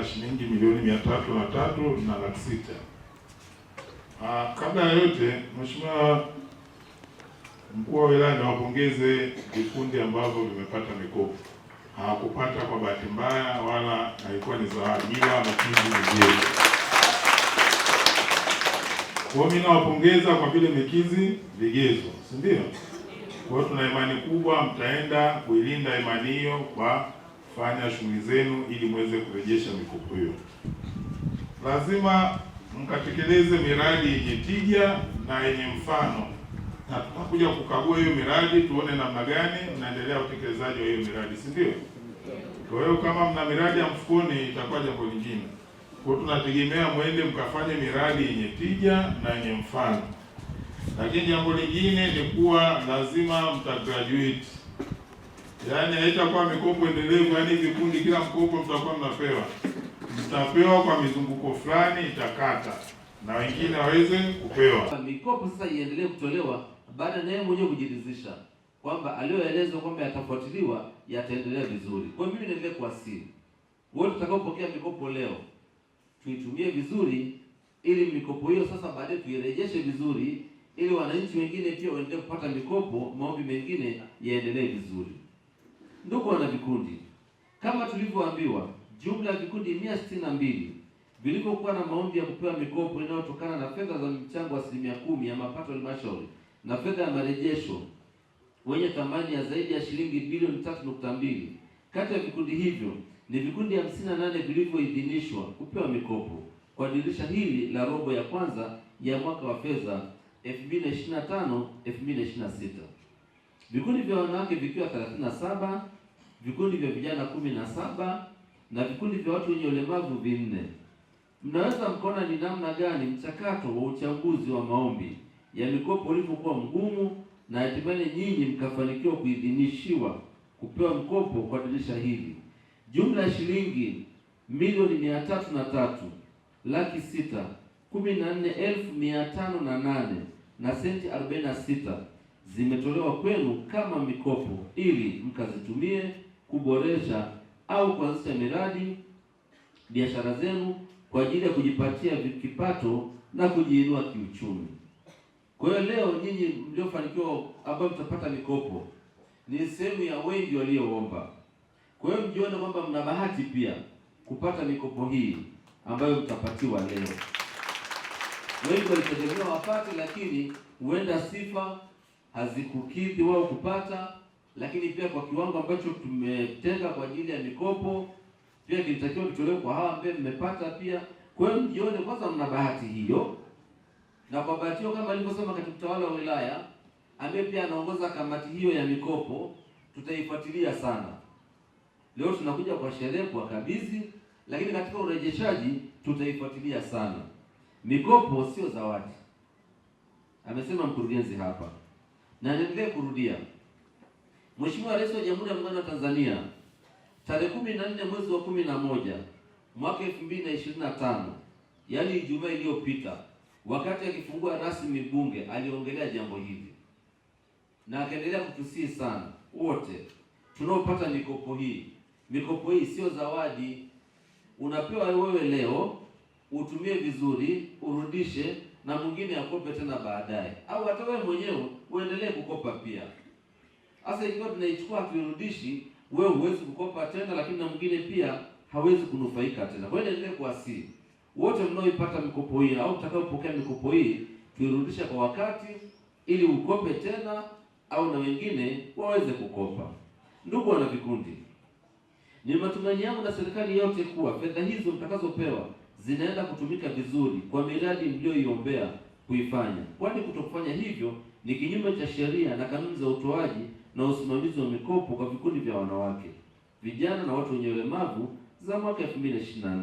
a shilingi milioni mia tatu na tatu na laki sita. Ah, kabla ya yote, Mheshimiwa mkuu wa wilaya, niwapongeze vikundi ambavyo vimepata mikopo. Hawakupata kwa bahati mbaya, wala haikuwa ni zawadi, ila McKinsey ni kwa mimi nawapongeza kwa vile mikizi vigezo, si ndio? Kwa hiyo tuna imani kubwa mtaenda kuilinda imani hiyo kwa kufanya shughuli zenu ili muweze kurejesha mikopo hiyo. Lazima mkatekeleze miradi yenye tija na yenye mfano, na tutakuja kukagua hiyo miradi tuone namna gani mnaendelea utekelezaji wa hiyo miradi, si ndio? Kwa hiyo kama mna miradi ya mfukoni itakuwa jambo lingine. Kwa hiyo tunategemea mwende mkafanye miradi yenye tija na yenye mfano, lakini jambo lingine ni kuwa lazima mtagraduate yaani haitakuwa mikopo endelevu, yaani vikundi, kila mkopo mtakuwa mnapewa, mtapewa kwa mizunguko fulani, itakata na wengine waweze kupewa mikopo. Sasa iendelee kutolewa baada na yeye mwenyewe kujiridhisha kwamba aliyoelezwa kwamba yatafuatiliwa yataendelea vizuri. Kwa mimi niendelee kuwasihi wote tutakaopokea mikopo leo tuitumie vizuri, ili mikopo hiyo sasa baadaye tuirejeshe vizuri, ili wananchi wengine pia waendelee kupata mikopo, maombi mengine yaendelee vizuri. Ndugu wana vikundi, kama tulivyoambiwa, jumla ya vikundi mia sitini na mbili vilivyokuwa na maombi ya kupewa mikopo inayotokana na fedha za mchango wa asilimia kumi ya mapato ya halmashauri na fedha ya marejesho wenye thamani ya zaidi ya shilingi bilioni tatu nukta mbili. Kati ya vikundi hivyo ni vikundi hamsini na nane vilivyoidhinishwa kupewa mikopo kwa dirisha hili la robo ya kwanza ya mwaka wa fedha 2025 2026, vikundi vya wanawake vikiwa 37 vikundi vya vijana kumi na saba na vikundi vya watu wenye ulemavu vinne. Mnaweza mkaona ni namna gani mchakato wa uchambuzi wa maombi ya mikopo ulivyokuwa mgumu na hatimaye nyinyi mkafanikiwa kuidhinishiwa kupewa mkopo kwa dirisha hili, jumla ya shilingi milioni mia tatu na tatu laki sita kumi na nne elfu mia tano na nane na senti arobaini na sita zimetolewa kwenu kama mikopo ili mkazitumie kuboresha au kuanzisha miradi, biashara zenu kwa ajili ya kujipatia kipato na kujiinua kiuchumi. Kwa hiyo leo nyinyi mliofanikiwa ambao mtapata mikopo ni sehemu ya wengi walioomba. Kwa hiyo mjione kwamba mna bahati pia kupata mikopo hii ambayo mtapatiwa leo. Wengi walitegemea wapate, lakini huenda sifa hazikukidhi wao kupata, lakini pia kwa kiwango ambacho tumetenga kwa ajili ya mikopo pia kilitakiwa kitolewe kwa hawa ambaye mmepata pia. Kwa hiyo mjione kwanza mna bahati hiyo, na kwa bahati hiyo kama alivyosema katibu tawala wa wilaya ambaye pia anaongoza kamati hiyo ya mikopo, tutaifuatilia sana. Leo tunakuja kwa sherehe kwa kabidhi, lakini katika urejeshaji tutaifuatilia sana. Mikopo sio zawadi, amesema mkurugenzi hapa na kurudia. Mheshimiwa Rais wa Jamhuri ya Muungano wa Tanzania tarehe kumi na nne mwezi wa kumi na moja mwaka elfu mbili na ishirini na tano yaani Ijumaa iliyopita, wakati akifungua rasmi bunge aliongelea jambo hili na akaendelea kutusihi sana wote tunaopata mikopo hii. Mikopo hii sio zawadi, unapewa wewe leo, utumie vizuri, urudishe na mwingine akope tena baadaye, au hata wewe mwenyewe uendelee kukopa pia. Sasa ikiwa tunaichukua hatuirudishi, wewe huwezi kukopa tena, lakini na mwingine pia hawezi kunufaika tena. Kwa hiyo niendelee kuwasihi wote mnaoipata mikopo hii au mtakaopokea mikopo hii, tuirudisha kwa wakati ili ukope tena, au na wengine waweze kukopa. Ndugu wana vikundi, ni matumaini yangu na serikali yote kuwa fedha hizo mtakazopewa zinaenda kutumika vizuri kwa miradi mlioiombea kuifanya, kwani kutofanya hivyo ni kinyume cha sheria na kanuni za utoaji na usimamizi wa mikopo kwa vikundi vya wanawake, vijana na watu wenye ulemavu za mwaka 2024.